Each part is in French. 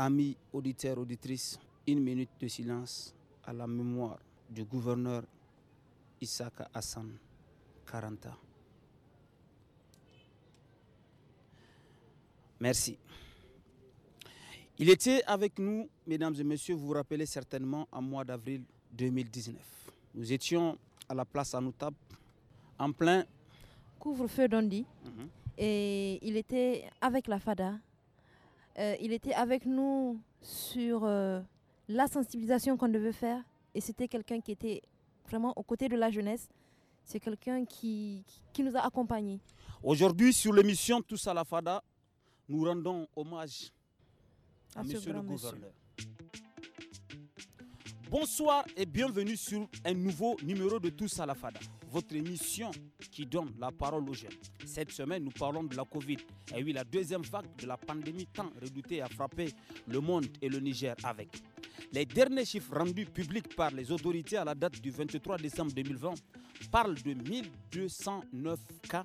Amis auditeurs, auditrices, une minute de silence à la mémoire du gouverneur Isaka Hassan Karanta. Merci. Il était avec nous, mesdames et messieurs, vous vous rappelez certainement, en mois d'avril 2019. Nous étions à la place Anoutab, en plein couvre-feu d'Ondi. Mhm. Et il était avec la FADA euh, il était avec nous sur euh, la sensibilisation qu'on devait faire. Et c'était quelqu'un qui était vraiment aux côtés de la jeunesse. C'est quelqu'un qui, qui, nous a accompagnés. Aujourd'hui, sur l'émission Tous à la Fada, nous rendons hommage à, M. monsieur le gouverneur. Bonsoir et bienvenue sur un nouveau numéro de Tous à la Fada votre émission qui donne la parole aux jeunes. Cette semaine, nous parlons de la Covid. Et eh oui, la deuxième vague de la pandémie tant redoutée a frappé le monde et le Niger avec. Les derniers chiffres rendus publics par les autorités à la date du 23 décembre 2020 parlent de 1209 cas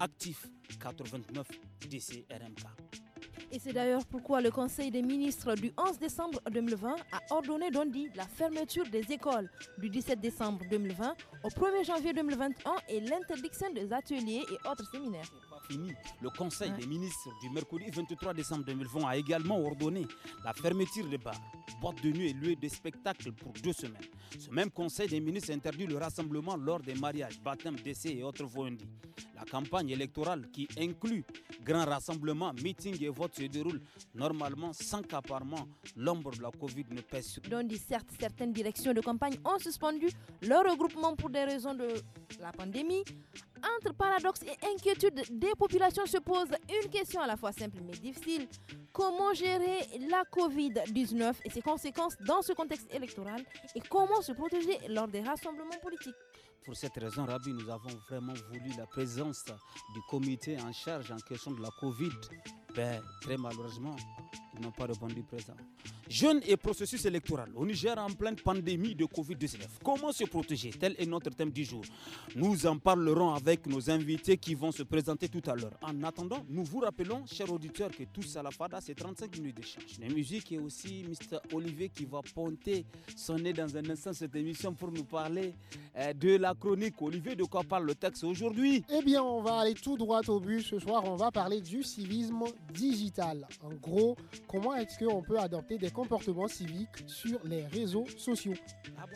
actifs, 89 décès et c'est d'ailleurs pourquoi le Conseil des ministres du 11 décembre 2020 a ordonné d'ondi la fermeture des écoles du 17 décembre 2020 au 1er janvier 2021 et l'interdiction des ateliers et autres séminaires le Conseil des ministres du mercredi 23 décembre 2020 a également ordonné la fermeture des bars, boîtes de nuit et lieux de spectacle pour deux semaines. Ce même Conseil des ministres interdit le rassemblement lors des mariages, baptêmes, décès et autres vendis. La campagne électorale qui inclut grands rassemblements, meetings et votes se déroule normalement sans qu'apparemment l'ombre de la Covid ne pèse sur. certes, certaines directions de campagne ont suspendu leur regroupement pour des raisons de la pandémie entre paradoxes et inquiétude, des populations se pose une question à la fois simple mais difficile. Comment gérer la Covid-19 et ses conséquences dans ce contexte électoral et comment se protéger lors des rassemblements politiques pour cette raison, Rabbi, nous avons vraiment voulu la présence du comité en charge en question de la Covid. Ben, très malheureusement, n'ont pas répondu présent. Jeunes et processus électoral. Au Niger en pleine pandémie de Covid-19. Comment se protéger Tel est notre thème du jour. Nous en parlerons avec nos invités qui vont se présenter tout à l'heure. En attendant, nous vous rappelons, chers auditeurs, que tout à la FADA, c'est 35 minutes de d'échange. La musique et aussi Mr. Olivier qui va ponter son nez dans un instant cette émission pour nous parler euh, de la chronique. Olivier, de quoi parle le texte aujourd'hui Eh bien, on va aller tout droit au but. Ce soir, on va parler du civisme digital. En gros, comment est-ce qu'on peut adopter des comportements civiques sur les réseaux sociaux. Ah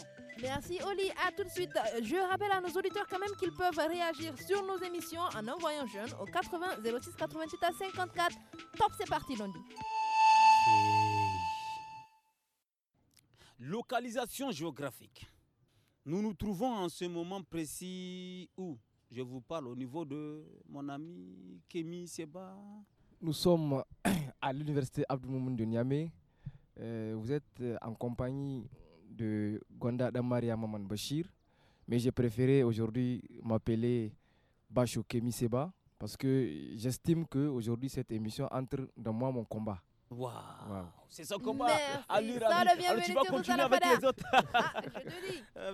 Merci Oli, à tout de suite. Je rappelle à nos auditeurs quand même qu'ils peuvent réagir sur nos émissions en envoyant jeune au 80 06 88 à 54. Top, c'est parti lundi. Localisation géographique. Nous nous trouvons en ce moment précis où je vous parle au niveau de mon ami Kémy Seba, nous sommes à l'université Abdoumoun de Niamey. Euh, vous êtes euh, en compagnie de Gonda Damaria Maman Bachir, mais j'ai préféré aujourd'hui m'appeler Bachou Kemi Seba parce que j'estime que aujourd'hui cette émission entre dans moi mon combat. Waouh, c'est son combat. Allure, Alors tu vas continuer avec les autres. ah, je te dis. Ah,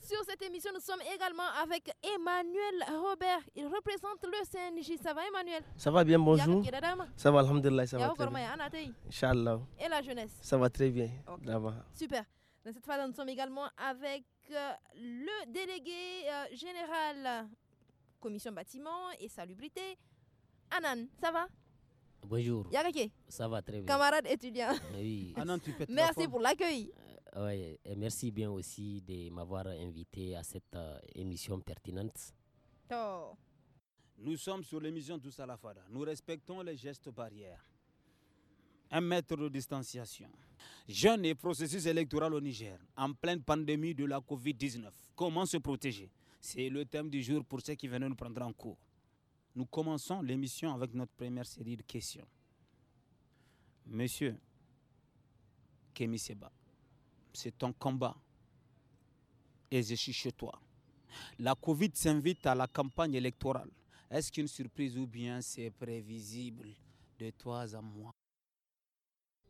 Sur cette émission, nous sommes également avec Emmanuel Robert. Il représente le CNJ. Ça va, Emmanuel Ça va bien, bonjour. Ça va, alhamdulillah, ça va très Et la jeunesse Ça va très bien. Okay. Super. Dans cette phase, nous sommes également avec euh, le délégué euh, général Commission Bâtiment et Salubrité, Anan. Ça va Bonjour. Yakake. Ça va très bien. Camarade étudiant. Ah merci pour l'accueil. Euh, et merci bien aussi de m'avoir invité à cette euh, émission pertinente. Oh. Nous sommes sur l'émission du Salafada. Nous respectons les gestes barrières. Un mètre de distanciation. Jeunes et processus électoral au Niger, en pleine pandémie de la Covid-19. Comment se protéger C'est le thème du jour pour ceux qui venaient nous prendre en cours nous commençons l'émission avec notre première série de questions. Monsieur Kémy Seba, c'est ton combat et je suis chez toi. La Covid s'invite à la campagne électorale. Est-ce qu'une surprise ou bien c'est prévisible de toi à moi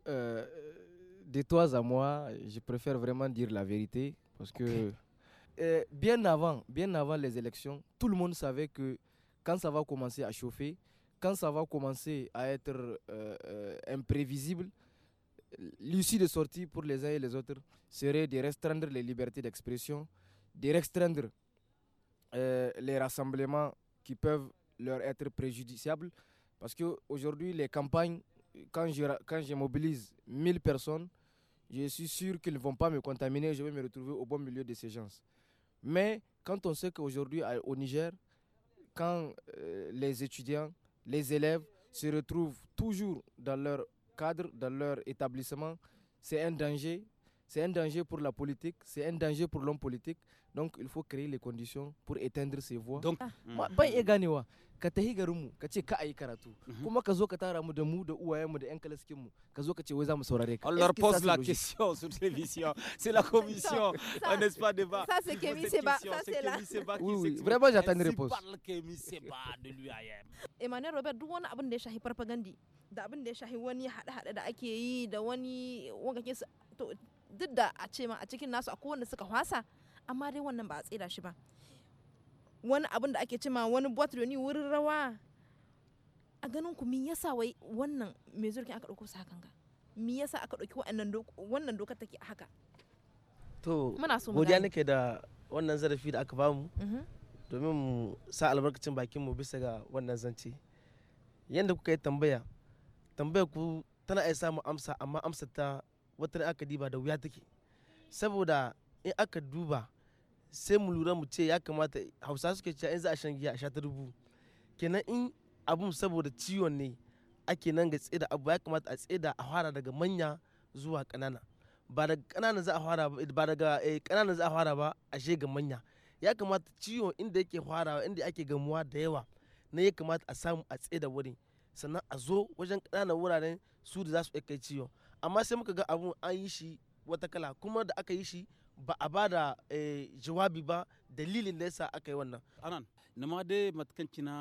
euh, De toi à moi, je préfère vraiment dire la vérité parce que euh, bien avant, bien avant les élections, tout le monde savait que quand ça va commencer à chauffer, quand ça va commencer à être euh, euh, imprévisible, l'issue de sortie pour les uns et les autres serait de restreindre les libertés d'expression, de restreindre euh, les rassemblements qui peuvent leur être préjudiciables. Parce qu'aujourd'hui, les campagnes, quand je, quand je mobilise 1000 personnes, je suis sûr qu'ils ne vont pas me contaminer, je vais me retrouver au bon milieu de ces gens. Mais quand on sait qu'aujourd'hui, au Niger, quand euh, les étudiants, les élèves se retrouvent toujours dans leur cadre, dans leur établissement, c'est un danger. C'est un danger pour la politique, c'est un danger pour l'homme politique, donc il faut créer les conditions pour éteindre ces voix donc ban ah. hmm. iya ganewa ka tahi garin mu ka ce ka ayi karatu mhm. kuma ka zo ka tara mu da mu da uwaye mu da yan kalaskin mu ka zo ka ce wai za mu saurare ka on leur pose la question sur télévision c'est la commission n'est-ce pas débat ça c'est Kémy Seba ça c'est là oui oui vraiment j'attends une réponse parle Kémy Seba de l'UAM Emmanuel Robert duk wani abin da ya shahi propagande da abin da ya shahi wani hada-hada da ake yi da wani wanga ke duk da a ce ma a cikin nasu akwai wanda suka fasa amma dai wannan ba a tsira shi ba wani abin da ake cima wani botroni wurin rawa a ganin ku me yasa wai wannan mai zurkin aka ɗauko su hakan ga me yasa aka ɗauki wannan dokar take haka to muna so godiya nake da wannan zarafi da aka bamu mm-hmm. domin mu sa albarkacin bakin mu bisa ga wannan zance yadda kuka yi tambaya tambayar ku tana iya samun amsa amma amsa ta wata aka diba da wuya take saboda in aka duba sai mu lura mu ce ya kamata hausa suke cewa in za a shan giya a shatar ta dubu kenan in abun saboda ciwon ne ake nan ga tsida abu ya kamata a tsida a fara daga manya zuwa kanana ba daga kanana za a fara ba daga kanana eh, za a fara ba a ga manya ya kamata ciwon inda yake farawa inda ake gamuwa da yawa ne ya kamata a samu a tsida wurin sannan a zo wajen kananan wuraren su da za su kai ciwon amma sai muka ga abun an yi shi wata kala kuma da aka yi shi ba a ba da eh, jawabi ba dalilin da yasa aka yi wannan anan ma dai matakanci na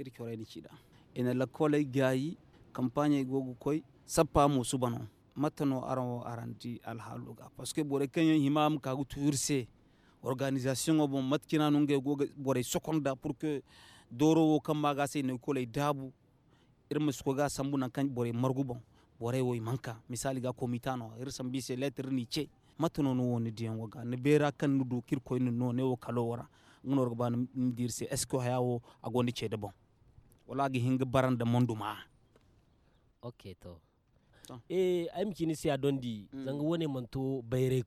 irkore ni da. ina la gayi kampanya gogu koi sappa su bano matano aran o aranti alhaluga parce que bore kanyen himam ka gu turse organisation o bon matkina nunge goga bore sokonda pour que doro wo kamba ga sai ne kole dabu irma su ga sambu nan kan bore margu bon bore wo manka misali ga komitano irsan bise lettre ni ce matano woni ne bera kan kirko ne monduma ok to e, am si a dondi mm. zanga manto bayre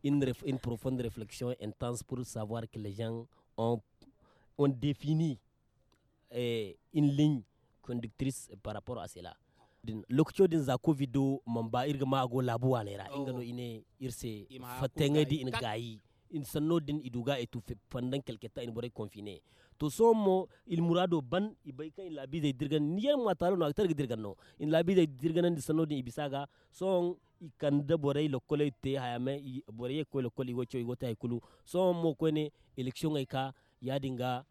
une, profonde réflexion intense pour savoir que les gens ont, ont défini eh, une ligne conductrice par rapport à cela din lokcio din za covido man ba irga ma go labuwa naira oh. ingano ine irse fatenga di in gayi in sanno din iduga e tu fandan kelketa in bore confiné to somo il murado ban ibay kan labi de dirgan niyan ma taro no aktar dirgan no in labi de dirgan din sanno din ibisaga song ikanda bore lo kole te hayame bore ye ko lo kole go choy go tay kulu somo ko ne election ay ka yadinga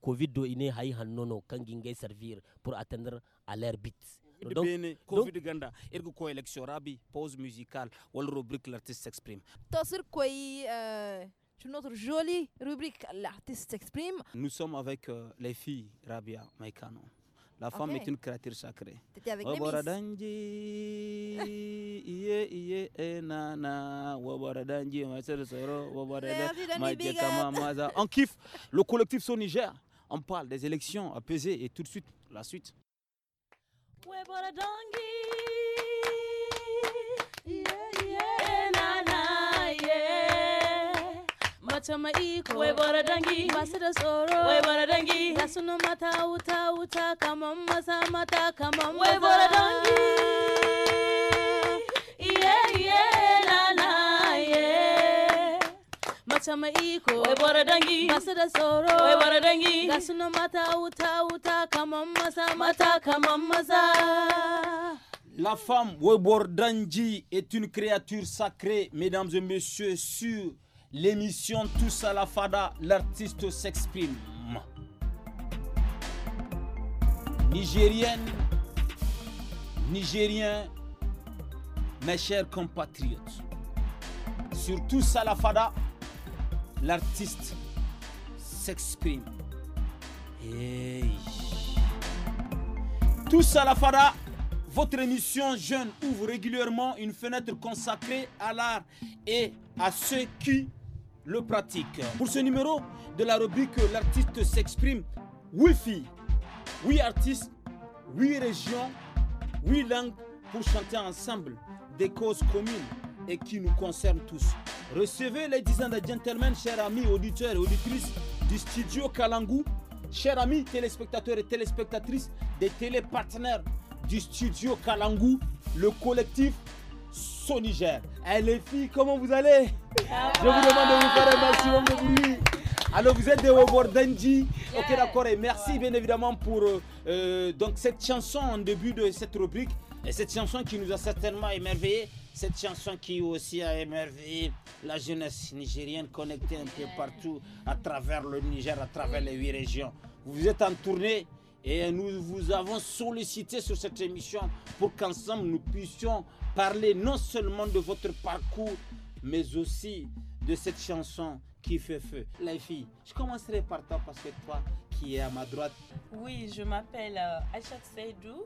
covid do ine hay hannono kan gingay servir pour atteindre à leur but Le bene covid ganda irgu rabi pause musicale la rubrique l'artiste s'exprime tasir quoi une euh, autre jolie rubrique l'artiste s'exprime nous sommes avec euh, les filles Rabia Maikano la femme est une créature sacrée. T'étais avec On kiffe. Le collectif Son Niger, on parle des élections apaisées et tout de suite, la suite, halfway but a donkey. Yeah, yeah, na na, yeah. Matama iko, we bora dangi, basira soro, we bora dangi. Yasuno mata uta uta, kama masa mata kama We bora dangi. La femme Webordanji est une créature sacrée, mesdames et messieurs, sur l'émission Tous à la Fada, l'artiste s'exprime. Nigérienne, Nigérien, mes chers compatriotes, sur Tous à la Fada, l'artiste s'exprime. Hey. Tous à la FARA, votre émission Jeune ouvre régulièrement une fenêtre consacrée à l'art et à ceux qui le pratiquent. Pour ce numéro de la rubrique L'artiste s'exprime, Oui filles, oui artistes, oui régions, oui langues pour chanter ensemble des causes communes et qui nous concerne tous. Recevez, les ans de gentlemen, chers amis auditeurs et auditrices du studio Kalangu, chers amis téléspectateurs et téléspectatrices des télépartenaires du studio Kalangu, le collectif Soniger. Eh les filles, comment vous allez Je vous demande de vous faire un maximum de bruit. Alors vous êtes des Wobord dandy Ok d'accord et merci bien évidemment pour euh, donc cette chanson en début de cette rubrique et cette chanson qui nous a certainement émerveillés cette chanson qui aussi a émerveillé la jeunesse nigérienne connectée un peu partout à travers le Niger, à travers les huit régions. Vous êtes en tournée et nous vous avons sollicité sur cette émission pour qu'ensemble nous puissions parler non seulement de votre parcours, mais aussi de cette chanson qui fait feu. Les je commencerai par toi parce que toi qui es à ma droite. Oui, je m'appelle euh, Aishat Seydou.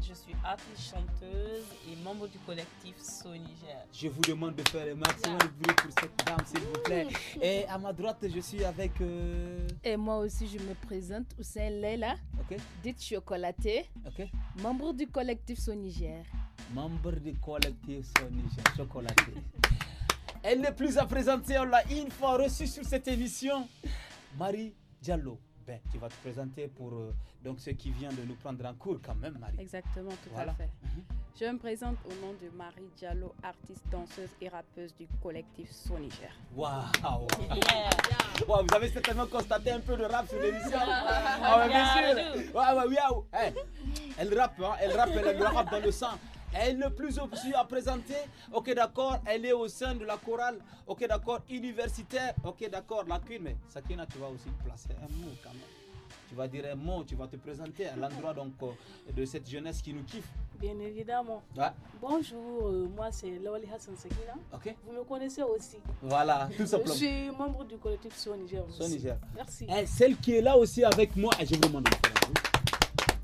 Je suis artiste, chanteuse et membre du collectif Soniger. Je vous demande de faire le maximum de bruit pour cette dame, s'il vous plaît. Et à ma droite, je suis avec. Euh, et moi aussi, je me présente, Oussein Leila, Ok. dite Chocolaté. Ok. membre du collectif Soniger. Membre du collectif Soniger, Chocolaté. Elle n'est plus à présenter, on l'a une fois reçue sur cette émission. Marie Diallo ben, tu vas te présenter pour euh, donc ceux qui viennent de nous prendre en cours quand même, Marie. Exactement, tout à fait. Mhm. Je me présente au nom de Marie Diallo, artiste, danseuse et rappeuse du collectif Soniger. Waouh wow. Vous avez certainement constaté un peu de rap sur l'émission. ah, bien sûr. Eh, elle rappe, hein. elle rappe, elle rappe dans le sang. Elle est le plus obligée à présenter. Ok, d'accord. Elle est au sein de la chorale. Ok, d'accord. Universitaire. Ok, d'accord. Lacune. Mais Sakina, tu vas aussi placer un mot quand même. Tu vas dire un mot, tu vas te présenter à l'endroit donc euh, de cette jeunesse qui nous kiffe. Bien évidemment. Bonjour, euh, moi c'est Lawali Hassan Sakina. Vous me connaissez aussi. Voilà, tout simplement. Je suis membre du collectif SoNiger Niger. Merci. Et eh, celle qui est là aussi avec moi, eh, je vous demande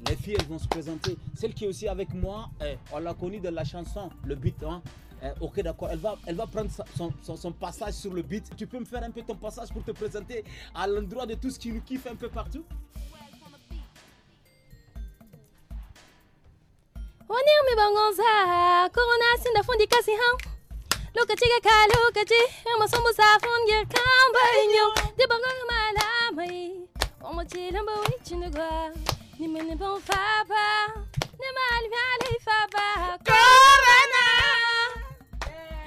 les filles elles vont se présenter. Celle qui est aussi avec moi, eh, on l'a connue de la chanson, le beat. Hein? Eh, ok, d'accord, elle va, elle va prendre son, son, passage sur le beat. Tu peux me faire un peu ton passage pour te présenter à l'endroit de tout ce qui nous kiffe un peu partout bon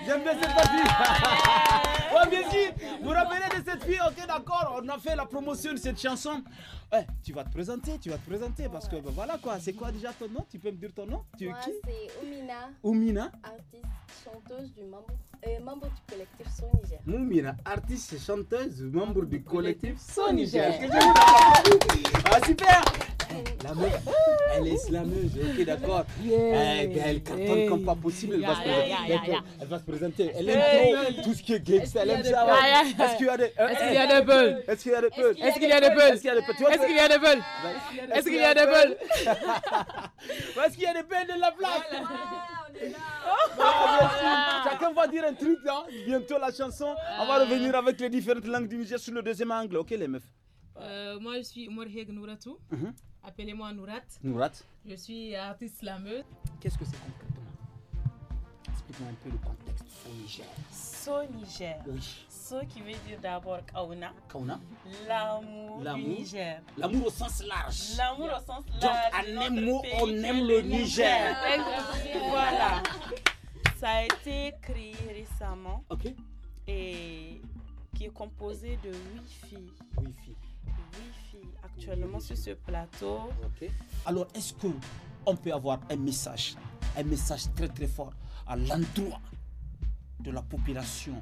J'aime bien cette fille. bien sûr. Vous rappelez de cette fille, ok, d'accord. On a fait la promotion de cette chanson. Ouais, eh, tu vas te présenter, tu vas te présenter parce que ben, voilà quoi. C'est quoi déjà ton nom Tu peux me dire ton nom Tu es qui C'est Oumina. Oumina. Artiste chanteuse du membre, et membre du collectif Son Niger. Moumira, artiste et chanteuse, membre du collectif Son que Ah, super la meuf, elle est slameuse, ok d'accord. Elle, elle cartonne comme pas possible, elle, va se présenter. Elle aime tout ce qui est gay, est elle aime ça. Est-ce qu'il y a des est Est-ce qu'il y a des bulles Est-ce qu'il y a des peuls Est-ce qu'il y a des peuls Est-ce qu'il y a des peuls Est-ce qu'il y a des peuls Est-ce qu'il y a des peuls de la place Chacun va dire un truc, là, hein. bientôt la chanson. On va euh. revenir avec les différentes langues du Niger sur le deuxième angle. Ok les meufs euh, Moi je suis Morheg Nouratou. Mhm. Appelez-moi Nourat. Nourat. Je suis artiste slameuse. Qu'est-ce que c'est concrètement Explique-moi un peu le contexte So Niger. So Niger ce qui veut dire d'abord kauna. Kauna. L'amour. L'amour. Niger. L'amour au sens large. L'amour au sens large. Donc, un on aime le Niger. Ah, voilà. Ça a été créé récemment. Ok. Et qui est composé de huit filles. Huit filles. actuellement sur ce plateau. Alors, est-ce que on peut avoir un message, un message très très fort à l'endroit de la population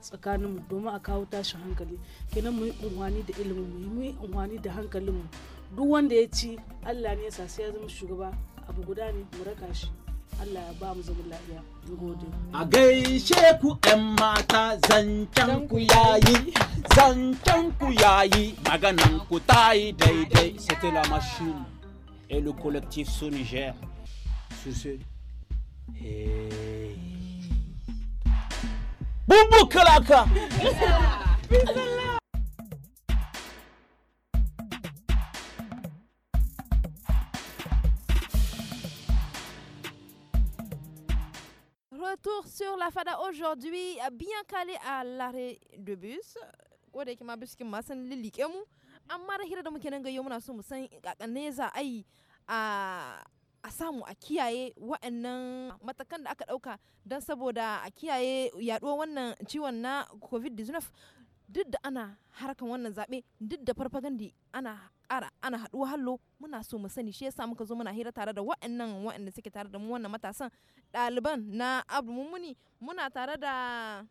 tsakanin mu domin a kawo tashi hankali kenan mu yi unhwani da ilimin mu yi unhwani da mu duk wanda ya ci allah ne ya sai ya zama shugaba abu guda ne mu raka shi allah ya ba mu zaman lafiya gode a gaishe ku yan mata zancen ku yayi zancen ku yayi maganan ku ta yi daidai c'était la machine et le collectif soniger sur ce Kalaka. Retour sur la FADA aujourd'hui, bien calé à l'arrêt de bus. Kodai ma bus ma san lili kemu. Amma da hira da muke nan ga yau muna so mu san a a samu a kiyaye wa'annan matakan da aka dauka don saboda a kiyaye yaɗuwar wannan ciwon na covid-19 duk da ana harkan wannan zaɓe duk da farfagandi ana ƙara ana haɗuwa hallo muna so mu sani shi yasa muka zo muna hira tare da wa'annan wa'anda suke tare da mu wannan matasan ɗaliban na abu mummuni muna tare da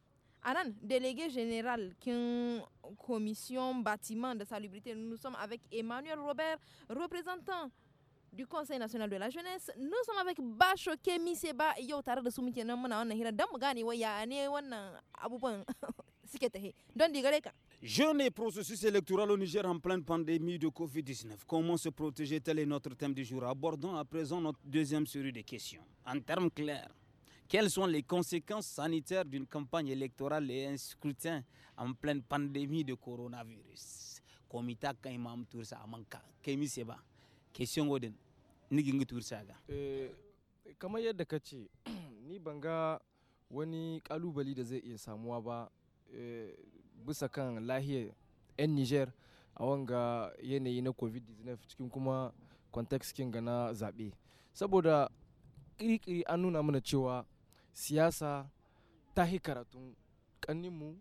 anan délégué général kin commission bâtiment de salubrité nous sommes avec Emmanuel Robert représentant du Conseil national de la jeunesse. Nous sommes avec Bacho Kemiseba, Seba et processus électoral au Niger en pleine pandémie de Covid-19. Comment se protéger Tel est notre thème du jour. Abordons à présent notre deuxième série de questions. En termes clairs, quelles sont les conséquences sanitaires d'une campagne électorale et un scrutin en pleine pandémie de coronavirus Komita Kaimam Toursa Amanka, Kemi Seba, question Godin. nigin gutur saga eh, kamar yadda ka ce ni ban ga wani kalubali da zai iya samuwa ba eh, bisa kan lahiyar 'yan niger a wanga yanayi na covid-19 cikin kuma context kin ga na zaɓe saboda kirkiri an nuna mana cewa siyasa ta hi karatun ƙanninmu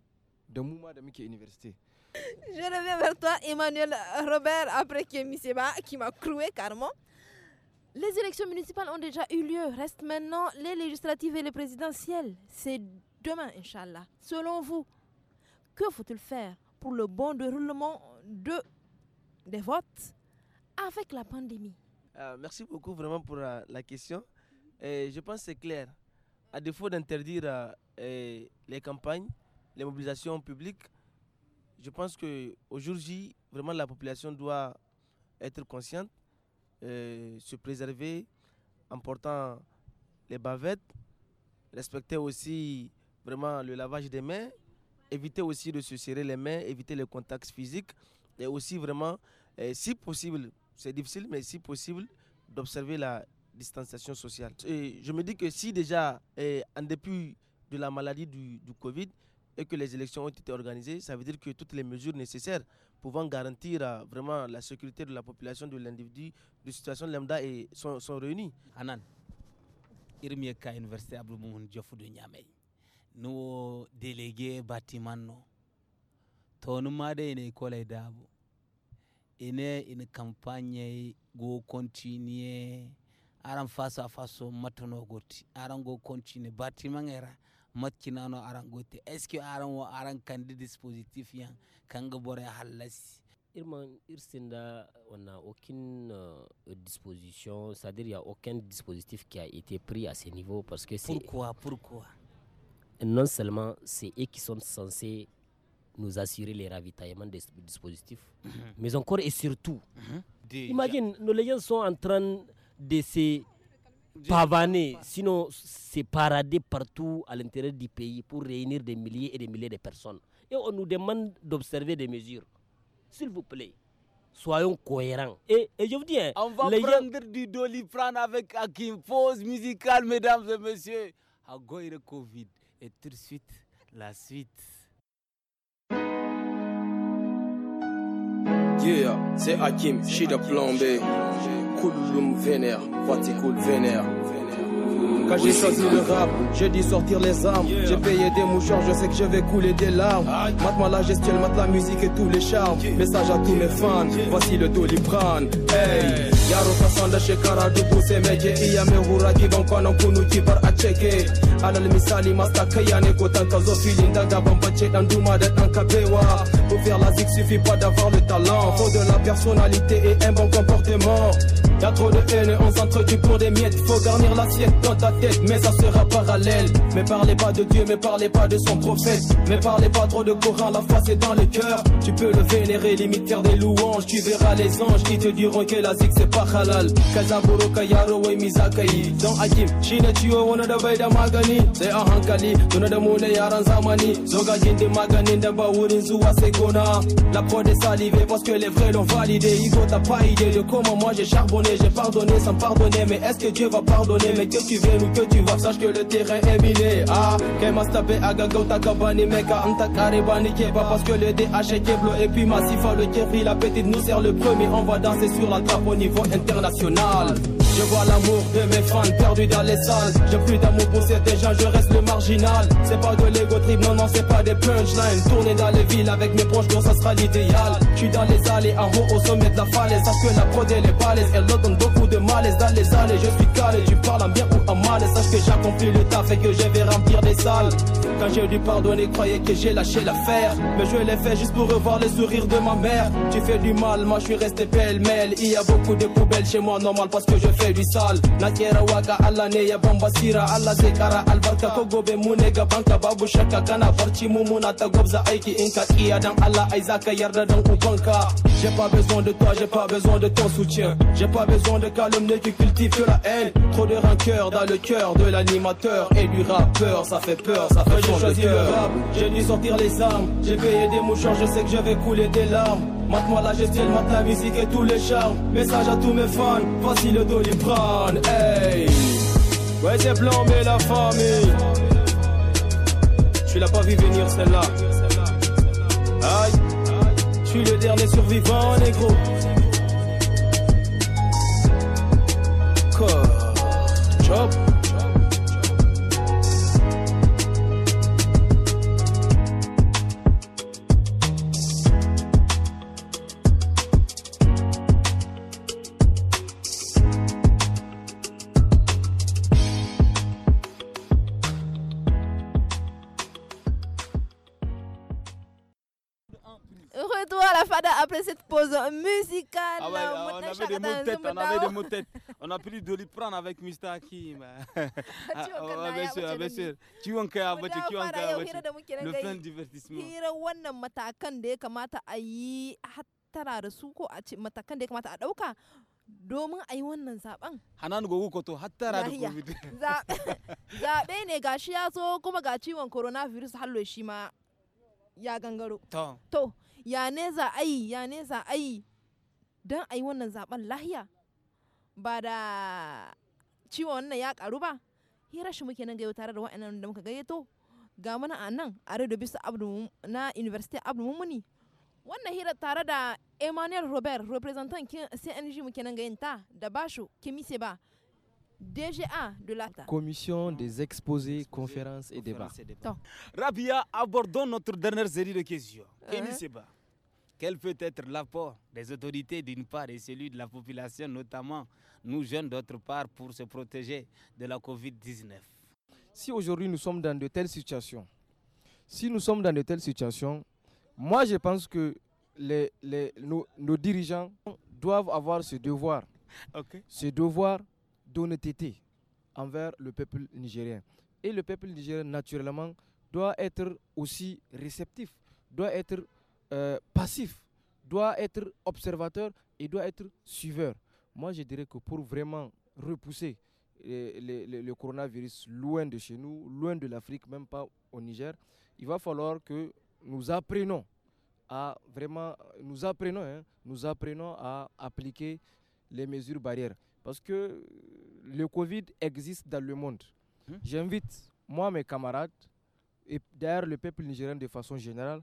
da mu ma da muke university Je reviens vers toi, Emmanuel Robert, après que M. Ba, qui m'a cloué carrément. Les élections municipales ont déjà eu lieu. Reste maintenant les législatives et les présidentielles. C'est demain, Inch'Allah. Selon vous, que faut-il faire pour le bon déroulement des votes avec la pandémie euh, Merci beaucoup vraiment pour euh, la question. je pense que c'est clair. À défaut d'interdire euh, les campagnes, les mobilisations publiques, je pense qu'aujourd'hui, vraiment la population doit être consciente euh, se préserver en portant les bavettes, respecter aussi vraiment le lavage des mains, éviter aussi de se serrer les mains, éviter les contacts physiques et aussi vraiment, euh, si possible, c'est difficile, mais si possible, d'observer la distanciation sociale. Et je me dis que si déjà, euh, en dépit de la maladie du, du Covid, et que les élections ont été organisées, ça veut dire que toutes les mesures nécessaires pouvant garantir euh, vraiment la sécurité de la population, de l'individu, de situation lambda et sont, sont réunis. Anan, Irmieka Université Abdoumoun Diofou de Niamey, nous délégués bâtiment, nous, tonumade une école dabu, ene une campagne go continuer, aran face à face matin goti, aran go continuer bâtiment era matkinano aran gote est ce que aran wo aran kandi dispositif yan kanga halasi irman irsinda aucune uh, disposition c'est à dire il y a aucun dispositif qui a été pris à ce niveau parce que c'est pourquoi pourquoi non seulement c'est eux qui sont censés nous assurer les ravitaillements des dispositifs, mhm. mais encore et surtout, mm -hmm. Imagine, nos gens sont en train de se pavaner, sinon c'est paradé partout à l'intérieur du pays pour réunir des milliers et des milliers de personnes. Et on nous demande d'observer des mesures. S'il vous plaît, soyons cohérents. Et, je vous dis, hein, on va prendre du doliprane avec Akim, pause musicale, mesdames et messieurs. Covid. Et tout de suite, la suite. Dieu, c'est Hakim, je de plombé cool, vénère. Quand j'ai choisi le rap, j'ai dit sortir les armes. J'ai payé des mouchoirs, je sais que je vais couler des larmes. Maintenant la gestuelle, mate la musique et tous les charmes. Message à tous mes fans, voici le Doliprane. Hey! Yaro kasanda chez dubu semeke iya me hura giban kwanan kunu par a ceke alal misali masta kaya ne kota tanka zo filin daga bambance dan duma da kabewa pour faire la zig suffit pas d'avoir le talent faut de la personnalité et un bon comportement Y'a trop de haine, on s'entretue pour des miettes. Faut garnir l'assiette dans ta tête, mais ça sera parallèle. Mais parlez pas de Dieu, mais parlez pas de son prophète. Mais parlez pas trop de Coran, la foi c'est dans le cœur Tu peux le vénérer, limite faire des louanges. Tu verras les anges qui te diront que la zik c'est pas halal. Kazaburo Kayaro et Mizakayi. Dans Hakim, tu es on a de Magani. C'est un Hankali, on de Yaran Zamani. Zoga de Magani, de Wurin Zoua, Segona. La prod est salivée parce que les vrais l'ont validé. Igo, t'as pas idée de comment moi j'ai charbonné j'ai pardonné sans pardonner. Mais est-ce que Dieu va pardonner? Mais que tu viennes ou que tu vas, sache que le terrain est miné. Ah, Kema Stabe, Agago, Takabani, Meka, Antakaribani, Keba. Parce que le DH est bleu et puis Massifa, le Kebri, la petite nous sert le premier. On va danser sur la trappe au niveau international. Je vois l'amour de mes fans perdu dans les salles. J'ai plus d'amour pour ces gens, je reste le marginal. C'est pas de l'ego trip, non, non, c'est pas des punchlines. Tourner dans les villes avec mes proches, non ça sera l'idéal. suis dans les allées, en haut au sommet de la falaise. Sache que la prod les est elle donne beaucoup de malaise. Dans les allées, je suis calé, tu parles en bien ou en mal. Et sache que j'accomplis le taf et que je vais remplir les salles. Quand j'ai dû pardonner, croyais que j'ai lâché l'affaire. Mais je l'ai fait juste pour revoir les sourires de ma mère. Tu fais du mal, moi je suis resté pêle-mêle. Il y a beaucoup de poubelles chez moi, normal parce que je fais du sol na kera waka Allah ne ya bomba sira Allah se kara albarka ko gobe mu ne gaban babu shakka kana farci mu muna ta gobza aiki in ka kiya dan alla ai zaka yarda dan ubanka j'ai pas besoin de toi j'ai pas besoin de ton soutien j'ai pas besoin de calomnie qui cultive que la haine trop de rancœur dans le cœur de l'animateur et du rappeur ça fait peur ça fait choisi le rap, j'ai dû sortir les armes j'ai payé des mouchoirs je sais que je vais couler des larmes montre moi la gestion, mate la musique et tous les charmes. Message à tous mes fans, voici le Doliprane. Hey! Ouais, c'est blanc, mais la famille. Tu l'as pas vu venir celle-là. Aïe! Je suis le dernier survivant, négro. avait des maux de tête, on avait des maux de tête. On a pris Doliprane avec Mistaki. Ah, ah, oh, bien sûr, bien sûr. Ciwon kai abu ce, ciwon kai abu ce. Le plein divertissement. Hira wannan matakan da ya kamata a yi hattara da su ko a ce matakan da ya kamata a ɗauka. domin a yi wannan zaben. Hanan gogo koto hattara da covid. Zaɓe ne gashi ya zo kuma ga ciwon coronavirus hallo shi ma ya gangaro. To. To, ya ne za a yi, ya ne za a yi don a yi wannan zaben lahiya ba da ciwon wannan ya karu ba hira shi muke nan gayo tare da wa'annan da muka gayyato ga mana a nan a radio bisa na university abdu mummuni wannan hira tare da emmanuel robert representant cng muke nan gayin da basho kimise ba DGA de la Commission des exposés, conférences et débats. Rabia, abordons notre dernière série de questions. Uh -huh. Quel peut être l'apport des autorités d'une part et celui de la population, notamment nous jeunes d'autre part, pour se protéger de la COVID-19 Si aujourd'hui nous sommes dans de telles situations, si nous sommes dans de telles situations, moi je pense que les, nos, dirigeants doivent avoir ce devoir, ce devoir d'honnêteté envers le peuple nigérien. Et le peuple nigérien, naturellement, doit être aussi réceptif, doit être euh, passif, doit être observateur et doit être suiveur. Moi, je dirais que pour vraiment repousser le, coronavirus loin de chez nous, loin de l'Afrique, même pas au Niger, il va falloir que nous apprenons à vraiment, nous apprenons, hein, nous apprenons à appliquer les mesures barrières. Parce que le Covid existe dans le monde. Hein? J'invite, moi, mes camarades, et d'ailleurs le peuple nigérien de façon générale,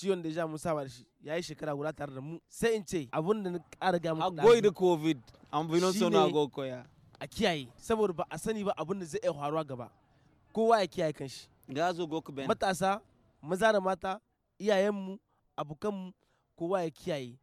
ciwon da ya mu saba da shi ya yi shekara guda tare da mu sai in ce abun da na ƙara ga mu agoyi da covid ambulance na go koya a kiyaye saboda ba a sani ba abun da zai iya faruwa gaba kowa ya kiyaye kanshi zo go ku matasa maza da mata iyayen mu abukan mu kowa ya kiyaye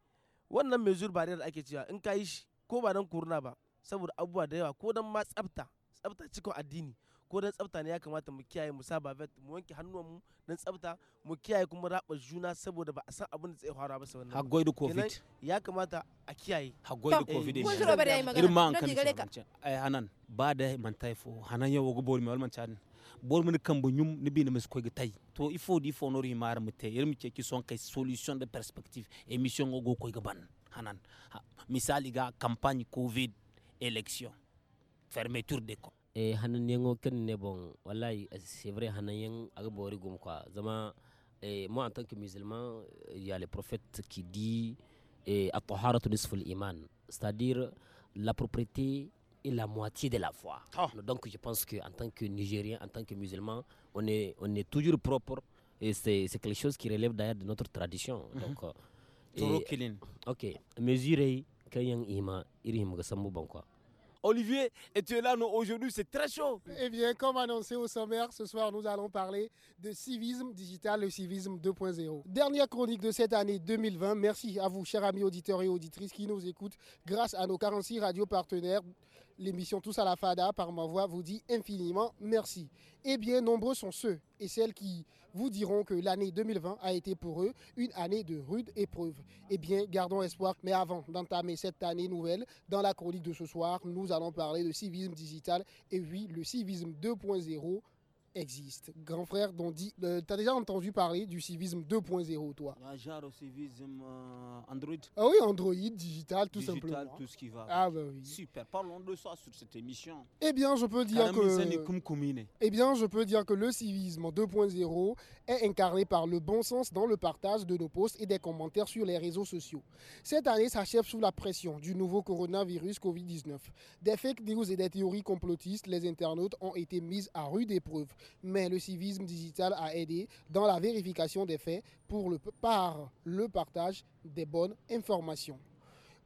wannan mai zuwa bariyar da ake cewa in ka yi shi ko ba dan corona ba saboda abubuwa da yawa ko dan ma tsafta tsafta cikin addini ko dan tsafta ne ya kamata mu kiyaye mu sa bavet mu wanke hannuwanmu dan tsafta mu kiyaye kuma raba juna saboda ba a san abin da zai faru ba sau Ha haggoi da covid ya kamata a kiyaye haggoi da eh, covid ne irin ma an kan ai hanan ba da man taifo hanan yau go bol mi wal man chan bol mi kan bu nyum ni bi na mesko gi tay to ifo di fo nori mar mu te irin ke ki son kai solution de perspective emission go ko ga ban hanan misali ga campagne covid election fermeture d'école Eh, hanan yango ken ne bon wallahi eh, c'est vrai hananiyan aga bori gum quoi zama eh, moi en tant que musulman il y a le prophète qui dit et iman c'est-à-dire la propriété est la moitié de la foi ah. donc je pense que en tant que nigérien en tant que musulman on est on est toujours propre et c'est quelque chose qui relève d'ailleurs de notre tradition mhm. donc euh, et, ok mesurer kayan ima irim ga bon quoi Olivier, et tu es là aujourd'hui, c'est très chaud. Eh bien, comme annoncé au sommaire, ce soir, nous allons parler de civisme digital, le civisme 2.0. Dernière chronique de cette année 2020. Merci à vous, chers amis auditeurs et auditrices, qui nous écoutent grâce à nos 46 radios partenaires L'émission Tous à la Fada par ma voix vous dit infiniment merci. Eh bien, nombreux sont ceux et celles qui vous diront que l'année 2020 a été pour eux une année de rude épreuve. Eh bien, gardons espoir. Mais avant d'entamer cette année nouvelle, dans la chronique de ce soir, nous allons parler de civisme digital. Et oui, le civisme 2.0 existe. Grand frère, Dondi, euh, t'as déjà entendu parler du civisme 2.0, toi civisme euh, Android. Ah oui, Android, digital, tout simplement. Digital, tout ce qui va. Ah bah oui. Super, parlons de ça sur cette émission. Eh bien, je peux dire que... Eh bien, je peux dire que le civisme 2.0 est incarné par le bon sens dans le partage de nos posts et des commentaires sur les réseaux sociaux. Cette année s'achève sous la pression du nouveau coronavirus Covid-19. Des fake news et des théories complotistes, les internautes ont été mises à rude épreuve mais le civisme digital a aidé dans la vérification des faits par le partage des bonnes informations.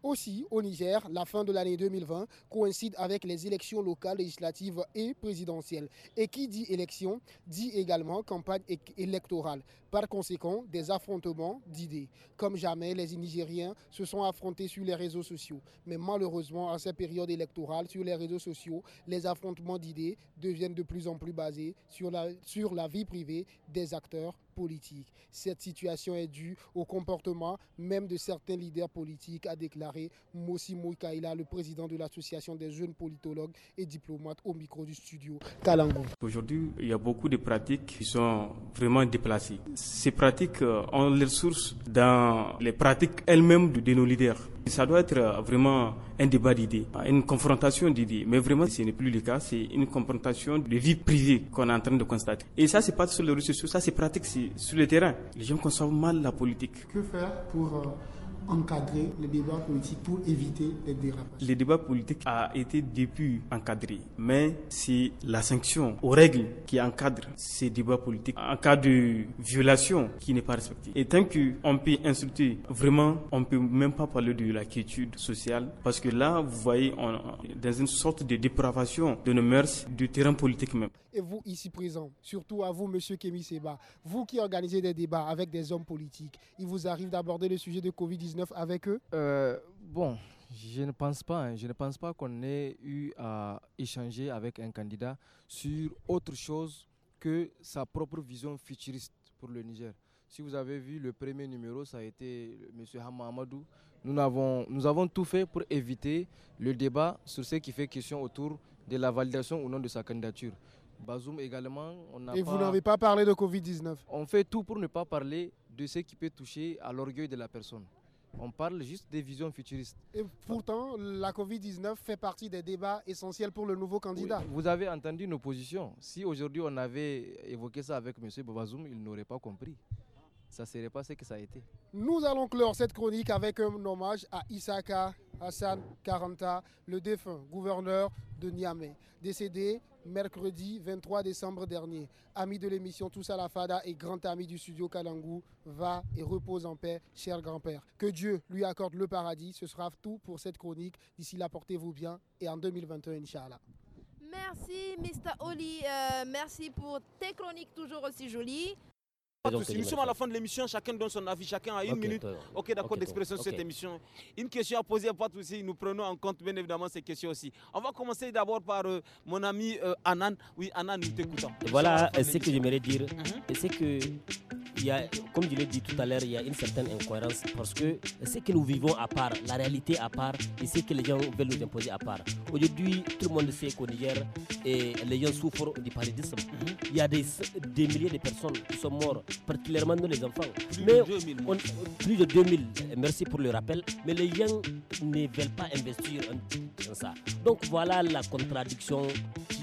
Aussi, au Niger, la fin de l'année 2020 coïncide avec les élections locales, législatives et présidentielles. Et qui dit élection dit également campagne électorale. Par conséquent, des affrontements d'idées. Comme jamais, les Nigériens se sont affrontés sur les réseaux sociaux. Mais malheureusement, à cette période électorale, sur les réseaux sociaux, les affrontements d'idées deviennent de plus en plus basés sur la, sur la vie privée des acteurs politique. Cette situation est due au comportement même de certains leaders politiques, a déclaré Mossi Kaila, le président de l'association des jeunes politologues et diplomates au micro du studio Kalangou. Aujourd'hui, il y a beaucoup de pratiques qui sont vraiment déplacées. Ces pratiques euh, ont leur source dans les pratiques elles-mêmes de nos leaders. Ça doit être euh, vraiment un débat d'idées, une confrontation d'idées. Mais vraiment, ce n'est plus le cas. C'est une confrontation de vie privée qu'on est en train de constater. Et ça, c'est pas sur les ressources, ça, c'est pratique, c'est sur le terrain. Les gens conçoivent mal la politique. Que faire pour euh, encadrer les débat politique pour éviter les dérapages. Les débats politiques a été depuis encadré, mais c'est la sanction aux règles qui encadre ces débats politiques en cas de violation qui n'est pas respectée. Et tant qu'on peut insulter, vraiment, on ne peut même pas parler de la quiétude sociale parce que là, vous voyez, on est dans une sorte de dépravation de nos mœurs, du terrain politique même. Et vous, ici présent, surtout à vous, monsieur Kémy Seba, vous qui organisez des débats avec des hommes politiques, il vous arrive d'aborder le sujet de Covid-19 avec eux euh, Bon, je ne pense pas. Hein. Je ne pense pas qu'on ait eu à échanger avec un candidat sur autre chose que sa propre vision futuriste pour le Niger. Si vous avez vu le premier numéro, ça a été M. Hamamadou. Nous avons, nous avons tout fait pour éviter le débat sur ce qui fait question autour de la validation ou non de sa candidature. Bazoum également. Et vous n'avez pas parlé de Covid-19 On fait tout pour ne pas parler de ce qui peut toucher à l'orgueil de la personne. On parle juste des visions futuristes. Et pourtant, la Covid-19 fait partie des débats essentiels pour le nouveau candidat. Vous avez entendu nos positions. Si aujourd'hui on avait évoqué ça avec M. Bobazoum, il n'aurait pas compris. Ça ne serait pas ce que ça a été. Nous allons clore cette chronique avec un hommage à Isaka Hassan Karanta, le défunt gouverneur de Niamey, décédé mercredi 23 décembre dernier. Ami de l'émission Tous à la Fada et grand ami du studio Kalangou, va et repose en paix, cher grand-père. Que Dieu lui accorde le paradis. Ce sera tout pour cette chronique. D'ici là, portez-vous bien et en 2021, Inch'Allah. Merci, Mr. Oli. Euh, merci pour tes chroniques toujours aussi jolies. Nous sommes à la fin de l'émission, chacun donne son avis, chacun a une minute ok, d'accord d'expression sur cette émission. Une question à poser, pas de nous prenons en compte bien évidemment ces questions aussi. On va commencer d'abord par euh, mon ami euh, Anan. Oui, Anan, nous t'écoutons. Voilà euh, ce que j'aimerais dire, mhm. c'est que comme je l'ai dit tout à l'heure, il y a une certaine incohérence parce que ce que nous vivons à part, la réalité à part et ce que les gens veulent nous imposer à part. Aujourd'hui, tout le monde sait qu'au Niger, les gens souffrent du paradisme. Il y a des, milliers de personnes qui sont mortes, particulièrement nous les enfants. Plus mais de 2000. de 2000, merci pour le rappel. Mais les gens ne veulent pas investir dans ça. Donc voilà la contradiction qui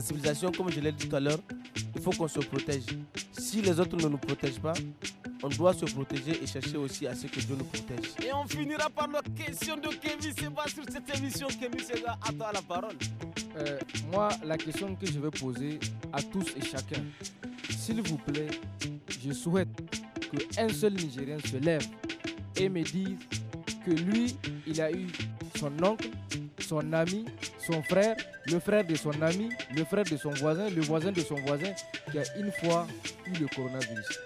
civilisation, comme je l'ai dit tout à l'heure, il faut qu'on se protège. Si les autres ne nous protègent pas, on doit se protéger et chercher aussi à ce que Dieu nous protège. Et on finira par notre question de Kevin Seba sur cette émission. Kevin Seba, à toi la parole. Euh, moi, la question que je vais poser à tous et chacun, s'il vous plaît, je souhaite qu'un seul Nigérien se lève et me dise que lui, il a eu son oncle, son ami, son frère, le frère de son ami, le frère de son voisin, le voisin de son voisin qui a une fois eu le coronavirus.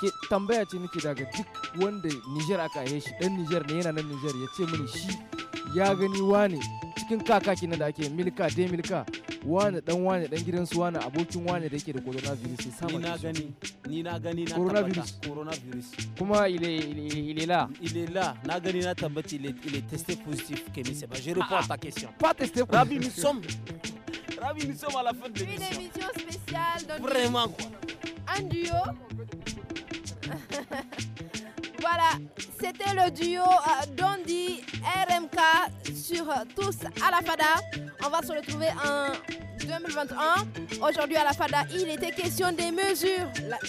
ke tambaya ce nake daga duk wanda Niger aka yi shi dan Niger ne yana nan Niger ya ce mini shi ya gani wane cikin kaka na da ake milka dai milka wani dan wani dan gidan su wani abokin wani da yake da coronavirus ya sama ni na gani ni na gani na coronavirus coronavirus kuma ile ile là il est là na gani na tabbaci il il est testé positif Kemi Seba je réponds à ta question pas testé positif Rabi nous sommes Rabi nous sommes à la fin de l'émission une émission spéciale vraiment quoi un duo Voilà, c'était le duo euh, Dondi RMK sur Tous à la Fada. On va se retrouver en 2021. Aujourd'hui à la FADA, il était question des mesures,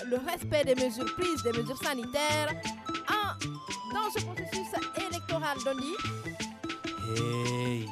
le respect des mesures prises, des mesures sanitaires dans ce processus électoral, Dondi. Hey.